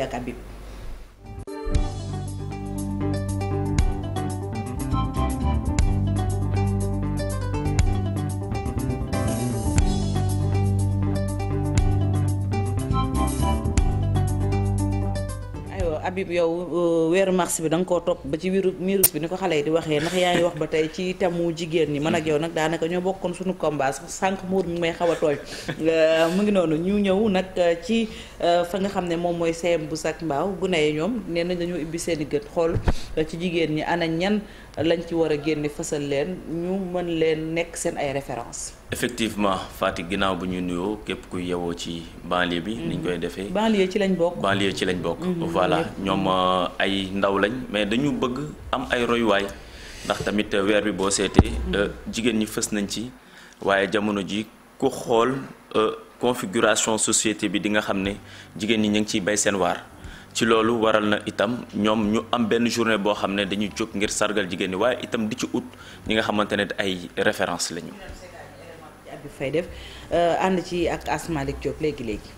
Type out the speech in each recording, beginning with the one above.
Ya Kabib. Habib yow euh, weeru mars bi danga nga koo topp ba ci wiru virus bi ni ko xale yi di waxee ndax yaa ngi wax ba tey ci temu jigéen ñi mën ak yow nag daanaka ñoo bokkoon suñu combat sax sànq muur mi may xaw a tooñ euh, mu ngi noonu ñu ñëw nag euh, ci fa nga xam ne moom mooy CM bu sac mbaaw gune yi ñoom nee nañ dañoo ibbi seen i gët xool ci jigéen ñi ana ñan lañ ci war a génne fësal leen ñu mën leen nekk seen ay référence effectivement fatik ginaaw bu ñu nuyo kep ku yewo ci banlieue bi niñ koy mm-hmm. defé banlieue ci lañ bok banlieue ci lañ bok mm-hmm. voilà ñom euh, ay ndaw lañ mais dañu bëgg am ay way ndax tamit euh, wër bi bo seetee mm-hmm. euh, jigen ñi fess nañ ci waye jamono ji ku xool configuration société bi di nga xamné jigen ñi ñing ci bay seen war ci lolu waral na itam ñom ñu am ben journée bo xamné dañu jog ngir sargal jigen ñi waye itam di ci ut ñi nga xamantene ay référence lañu Abdou Faye def euh, ànd ci ak Asmalik Diop léegi léegi.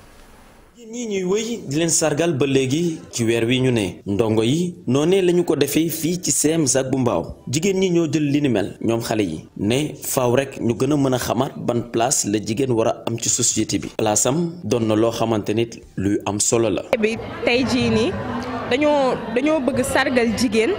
ñuy wëy di leen sargal ba léegi ci weer wi ñu ne ndongo yi noonee lañu ko defee fii ci CEM Zac bu Mbao jigéen ñi ñoo jël li ni mel ñoom xale yi ne faw rek ñu gën a mën a xamaat ban place la jigéen war a am ci société bi place am doon na loo xamante nit luy am solo la. bi tey jii nii dañoo bëgg sargal jigéen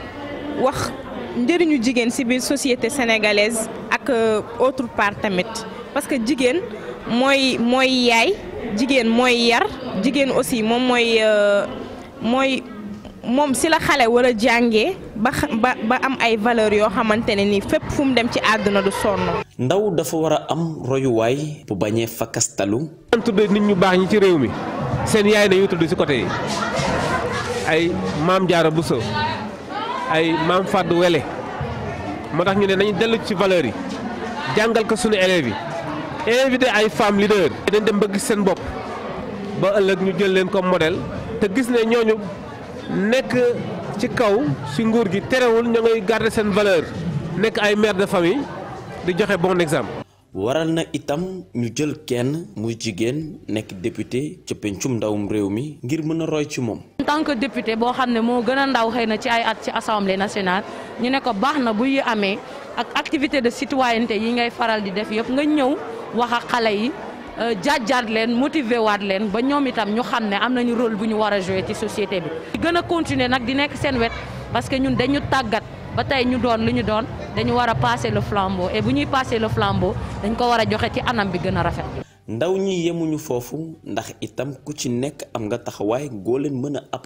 wax njëriñu jigéen ci biir société sénégalaise ak euh, autre part tamit. parce que jigéen mooy mooy yaay jigéen mooy yar jigéen aussi moom mooy euh, mooy moom si la xale war a jàngee ba ba am ay valeurs yoo xamante ne ni fépp fu mu dem ci àdduna du sonn. ndaw dafa war a am royuwaay bu bañee fakkastalu daan tudd nit ñu baax ñi ci réew mi seen yaay nañu tudd si côté yi ay maam jaara Bousso ay maam Fadou Wele moo tax ñu ne nañu dellu ci valeurs yi jàngal ko suñu élèves yi. invité ay femmes leaders. dañ dem ba gis seen bopp ba ëllëg ñu jël leen comme modèle te gis ne ñooñu nekk ci kaw si nguur gi terewul ña ngay garder seen valeur nekk ay mère de famille di joxe bon exemple. waral na itam ñu jël kenn muy jigéen nekk député ca pencum ndawum réew mi ngir mën a roy ci moom. en tant que député boo xam ne moo gën a ndaw xëy na ci ay at ci assemblée nationale ñu ne ko baax na bu yi amee ak activité de citoyenneté yi ngay faral di def yëpp nga ñëw. wax ak xale yi euh, jàjjaat leen motiver waat leen ba ñoom itam ñu xam ne am nañu rôle bu ñu war a jouer ci société bi. di gën a continuer nag di nekk seen wet parce que ñun dañu tàggat ba tey ñu doon lu ñu doon dañu war a passer le flambeau bu ñuy passer le flambeau dañ ko war a joxe ci anam bi gën a rafet. ndaw ñi yemuñu foofu ndax itam ku ci nekk am nga taxawaay goo leen a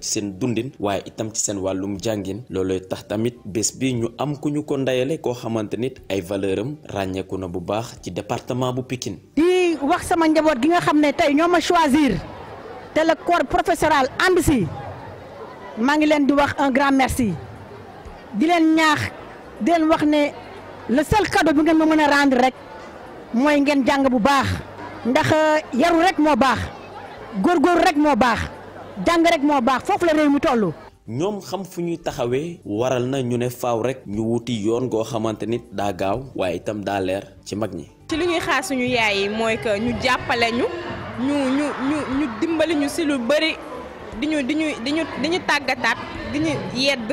ci seen dundin waaye itam ci seen wàllum jàngin looloy tax tamit bes bi ñu am ku ñu ko ndayale koo xamante nit ay valeur am na bu baax ci département bu pikin di wax sama njaboot gi nga xam ne tey choisir le corps professoral ànd si maa ngi leen di wax un grand merci di leen ñaax di leen wax ne le seul cadeau bi ngeen ma rendre rek mooy ngeen jàng bu baax ndax euh, yaru rek moo baax góorgóorlu rek moo baax jàng rek moo baax foofu la réew mi tollu ñoom xam fu ñuy taxawee waral na ñu ne faaw rek ñu wuti yoon goo xamante nit daa gaaw waaye itam daa leer ci mag ñi. ci li ñuy xaar suñu yaay yi mooy que ñu jàppale ñu ñu dimbali ñu si lu bëri di ñu di ñu di ñu tàggataat di ñu yedd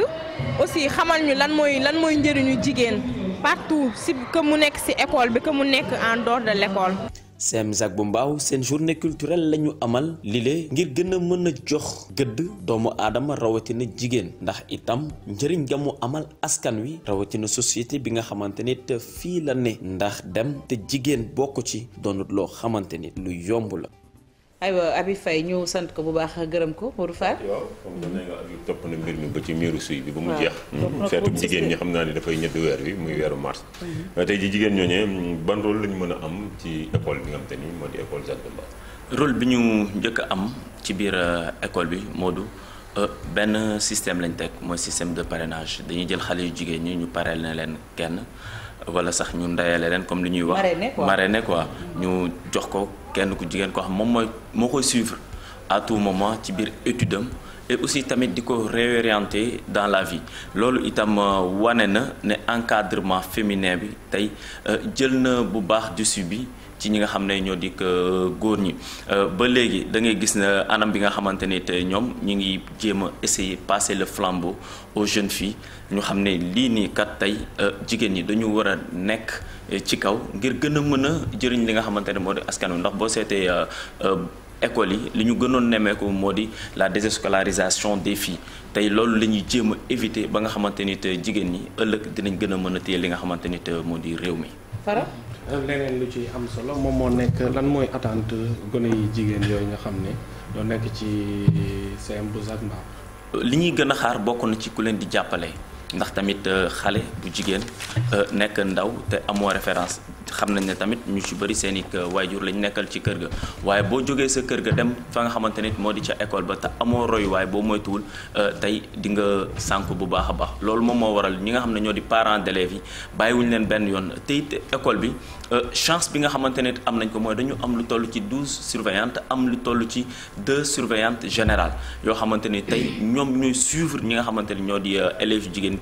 aussi xamal ñu lan mooy lan mooy njëriñu jigéen partout si que mu nekk si école bi que mu nekk en dehors de l'école. CEM Zac bu Mbao seen journée culturel la ñu amal lile ngir gën a mën a jox gëdd doomu aadama rawatina jigéen ndax itam njëriñ ga mu amal askan wi rawatina société bi nga xamante ni te fii la ne ndax dem te jigéen bokk ci doonut loo xamante ni lu yomb la. ay aywa abi fay ñu sant ko bu baax gërëm ko Modou Fall. waaw comme que nee nga na mbir mi ba ci miiru suy bi ba mu jeex. feetum jigéen ñi xam naa ne dafay ñetti weer wi muy weeru mars. Mhm. tey ji jigéen ñooñee ban rôle la ñu mën a am ci école bi nga xam te ni moo di école Jacques bi ñu njëkk a am ci biir euh, école bi Modou euh, benn système lañ teg mooy système de parrainage dañuy jël xale yu jigéen ñi ñu pareel na leen kenn wala sax ñu ndayale leen comme li ñuy wax. marraine quoi marraine quoi mhm. ñu jox ko. kenn ku jigéen ko xam moom mooy moo koy suivre à tout moment ci biir étude am et aussi tamit di ko réorienter dans la vie loolu itam euh, wane na ne encadrement féminin bi tey euh, jël na bu baax du subi ci ñi nga xam ne ñoo dikk euh, góor ñi euh, ba léegi da ngay gis ne anam bi nga xamante ni te ñoom ñi ngi jéem a essayer passer le flambeau aux jeunes filles ñu xam ne lii nii kat tey euh, jigéen ñi dañu war a nekk ci kaw ngir gën a mën a jëriñ li nga xamante ne moo di askanu wi ndax boo seetee école yi li ñu gënoon nemmeeku moo di la déscolarisation des filles tey loolu la ñuy jéem a éviter ba nga xamante ni te jigéen ñi ëllëg dinañ gën a mën a téye li nga xamante ni te moo di réew mi. leneen lu ci am solo moom moo nekk lan mooy attente gone yi jigéen yooyu nga xam ni ñoo nekk ci CM bu Zac li ñuy gën a xaar bokk na ci ku leen di jàppale ndax tamit euh, xale bu jigéen euh, nekk ndaw te amoo référence xam nañ ne tamit ñu ci bëri seen i euh, waajur lañ nekkal ci kër ga waaye boo jógee sa kër ga dem fa nga xamante nit moo di ca école ba te amoo royuwaay boo moytuwul tey di nga sànk bu baax a baax loolu moom moo waral ñi nga xam ne ñoo di parents d'élèves yi bàyyiwuñu leen benn yoon te école bi chance bi nga xamante nit am nañ ko mooy dañu am lu tollu ci douze surveillantes am lu toll ci deux surveillantes général yoo xamante ni tey ñoom ñuy suivre ñi nga xamante ni ñoo di élèves jigéen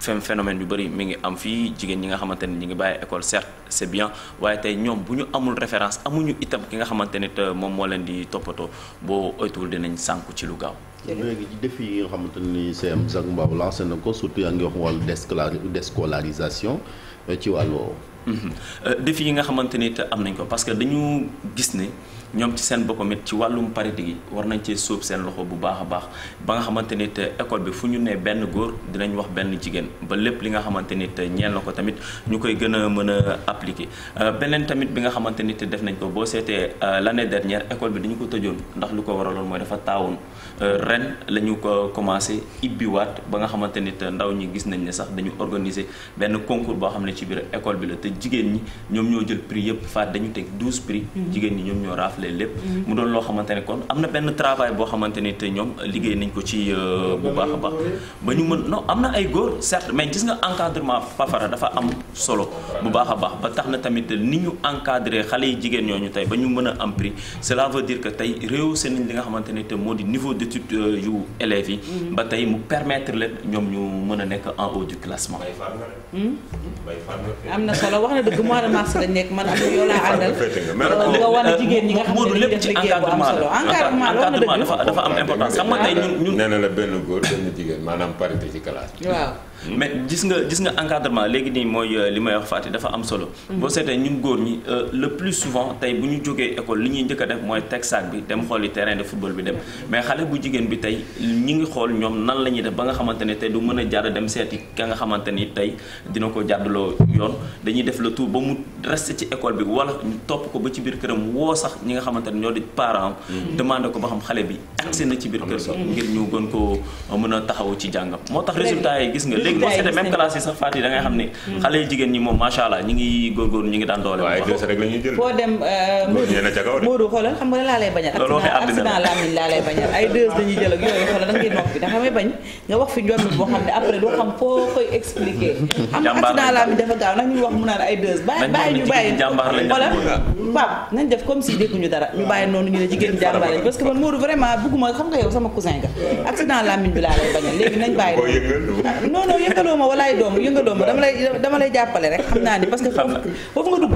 fem phénomène yu bëri mi ngi am fii jigéen ñi nga xamante ne ñi ngi bàyyi école certes c' est waaye tey ñoom bu ñu amul référence amuñu itam ki nga xamante ne moom moo leen di toppatoo boo oytuwul dinañ sànku ci lu gaaw. léegi défi yi nga xamante ni CM Jacques Mbaw lancé na ko surtout yaa ngi wax wàllu déscolarisation ci wàllu woowu. Mhm. Euh, défi yi nga xamante ni te am nañ ko parce que dañu gis ne ñoom ci seen boppam it ci wàllum parité gi war nañ cee sóob seen loxo bu baax a baax ba nga xamante ni te école bi fu ñu ne benn góor dinañ wax benn jigéen ba lépp li nga xamante ni te ñeel na ko tamit ñu koy gën a mën a appliquer euh, beneen tamit bi nga xamante ni te def nañ ko boo seetee euh, l' année dernière école bi dañu ko tëjoon ndax lu ko waraloon mooy dafa taawoon ren lañu ko commencé ibbiwaat ba nga xamante ni te ndaw ñi gis nañ ne sax dañu organiser benn concours boo xam ne ci biir école bi la que jigéen ñi ñoom ñoo jël prix yëpp faat dañu teg 12 prix mm-hmm. jigéen ñi ñoom ñoo raafle lépp mm-hmm. mu doon loo xamante ne kon am na benn travail boo xamante ne te ñoom liggéey nañ ko ci euh, bu baax baax ba ñu mën non am ay góor certes mais gis nga encadrement fafara dafa am solo bu baax a baax ba tax na tamit ni ñu encadré xale yi jigéen ñooñu tey ba ñu mën a am prix cela veut dire que tey réhaussé nañ li nga xamante ne te niveau d' euh, yu élèves yi mm-hmm. ba tey mu permettre leen ñoom ñu mën a en haut du classement hmm? am solo wax na dëgg mois de mars lañ nekk man am yow laa àndal nga a jigéen ñi nga xam ne lépp ci encadrement la encadrement dafa dafa am importance xam nga tey ñun ñun hmm. mais gis nga gis nga encadrement léegi nii mooy euh, li may wax Fatick dafa am solo hmm. boo seetee ñun góor ñi euh, le plus souvent tey bu ñu jógee école li ñuy njëkk def mooy teg bi dem xooli terrain de football bi dem mais xale bu jigéen bi tey ñi ngi xool ñoom nan la ñuy def ba nga xamante ne tey du mën a jaar dem seeti ka nga xamante ni tey dina ko jàddaloo yoon dañuy def le tout ba mu resté ci école bi wala ñu top ko ba ci biir kërëm wo sax ñi nga xamante ñoo di parents mm-hmm. demandé ko ba xam xalé bi accès na ci biir kër sax ngir ñu gën ko mëna taxaw ci jangam motax résultat yi gis nga léegi boo seetee même classe sax faat da ngay xamni xalé mm-hmm. xale yi jigéen ñi moom macha allah ñi ngi gor gor ñi ngi daan doole waaye dess rek lañuy jël foo dem euh, Modou Modou xolal xam nga la lay bañal accident la lay bañal ay deux dañuy jël ak yoy xolal noppi noppi ndax damay bañ nga wax fi njombi boo xam ne après doo xam foo koy expliquer xam nga accident laa mi dafa gaaw nag ñu wax mu naan ay deux bàyyi bàyyi ñu bàyyi voilà Pape nañ vraiment bëgguma xam nga yow sama cousin nga accident làmmiñ bi laa lay bañal léegi nañ bàyyi ah, non yëngaloo ma walaay doom yëngaloo ma dama lay jàppale rek xam naa ni parce foofu nga dugg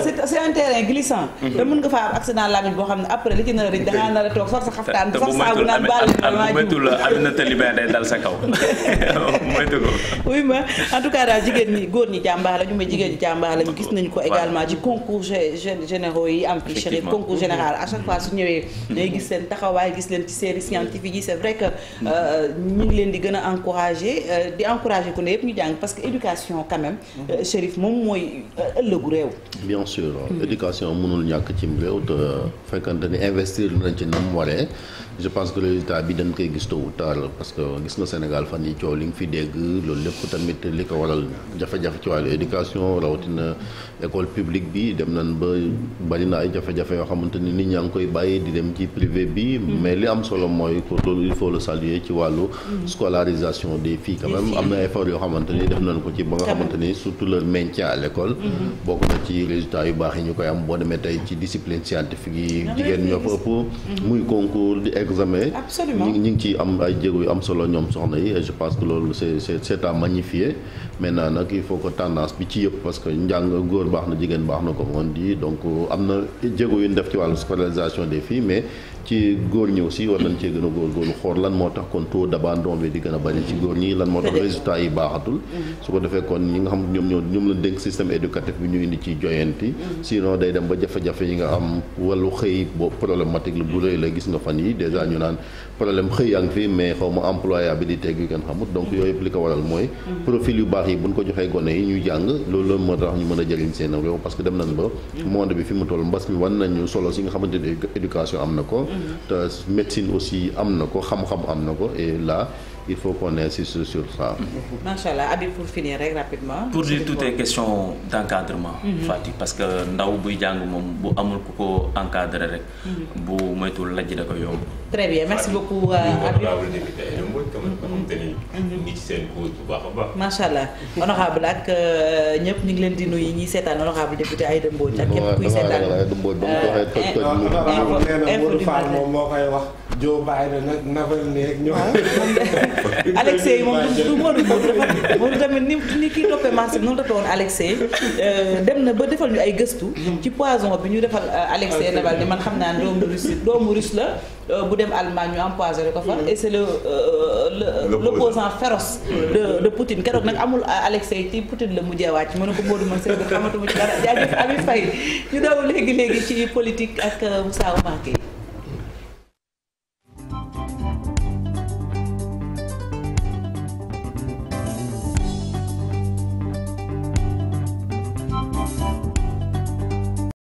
c'est c'est un terrain glissant da mhm. mën nga fa am accident lamine boo xam ne après li ci na a da nga na a toog far sa xaftaan sax saabu naan baal leen moytu la Aminata Libin day dal sa kaw moytu ko oui ma en tout cas daal jigen ni góor ni jamba la ñu may jigen ñi jàmbaar la ñu gis nañ ko également ci concours généraux yi am fii chérif concours général à chaque fois su ñëwé day mhm. gis sen taxaway gis leen ci série scientifique yi c'est vrai que euh, ñu ngi leen di gëna encourager euh, di encourager ku ne yëpp ñu jang parce que éducation quand même mhm. euh, chérif mom moy ëllëgu réew bien sûr l'éducation, mënul ñàkk cim réew te fekkante ni investir nañ ci nam waree je pense que le résultat bi dañ koy gis tôt parce que gis nga Sénégal fan yi coow li nga fi dégg loolu lépp tamit li ko waral jafe-jafe ci wàllu éducation rawatina école publique bi dem nañ ba bari na ay jafé jafé yo xamante nit ñang koy bayé di dem ci privé bi. Mm-hmm. mais li am solo moy ko il faut le saluer ci walu mm-hmm. scolarisation des filles quand même am effort yo xamante def nañ ko ci ba nga xamante surtout leur maintien à l'école école. Mm-hmm. na ci résultats yu bax yi ñu koy am bo demee tay ci discipline scientifique yi ah jigéen ñoo fa ëpp. muy concours di examen. ñi ngi ci am ay jéego yu am solo ñom soxna yi et je pense que lolu c'est c'est c' à magnifier maintenant nag il faut que tendance bi ci yëpp parce que njàng góor baax na jigéen baax na ko on dit donc am na jéego yu ñu def ci wàllu scolarisation des filles mais ci góor ñi aussi war nañ cee gën a góorgóorlu xool lan moo tax kon taux d'abandon bi di gën a bari ci góor ñi lan moo tax résultat yi baaxatul mhm. su ko defee kon ñi nga xam ñoom ñoo ñoom la dénk système éducatif bi ñu indi mhm. dem ba jafe-jafe nga am wàllu xëy boo problématique la bu rëy gis nga fan yi ñu naan problème xëy yaa fi mais xaw ma employabilité gi kenn xamut donc yooyu yëpp li ko waral mooy mhm. profil yu baax yi buñ ko joxee gone yi ñu jàng loolu moo tax ñu mën a jëriñ seen réew parce que dem nañ ba monde bi fi mu toll mbas mi wan nañu solo si nga xamante ne éducation am na ko la médecine aussi am ko xam-xam am ko et là il faut qu'on insiste sur ça. Machallah, allah Habib pour finir rapidement. pour dire tout est question d'encadrement, encadrement. Mhm. parce que ndaw buy jàng moom bu amul ku ko encadré rek. Mhm. bu moytuwul lajj da ko très bien merci beaucoup euh, Habib. xamante ni. ñu ngi ci seen cause bu baax a baax. macha allah honorable ak euh, ñëpp ñu ngi leen di nuyu ñuy seetaan honorable député Aïda Mbodj ak képp kuy seetaan euh, info du matin moom moo koy wax. Joe Biden nag navel nii rek Alexey moom du Modou Modou dafa Modou tamit ni ni kii toppee marché bi noonu la doon Alexey euh, dem na ba defal ñu ay gëstu ci poison bi ñu defal euh, Alexey ah, Navalny man xam naa doomu russe doomu russe la euh, bu dem Allemagne ñu empoisonné ko fa mm-hmm. et c'est le l'opposant féroce mm-hmm. de de Poutine keroog nag amul Alexey ci Poutine la mujjee wàcc mu ne ko Modou man seen xamatuma ci dara jaajëf Ami Faye ñu daw léegi léegi ci politique ak Moussa Oumarké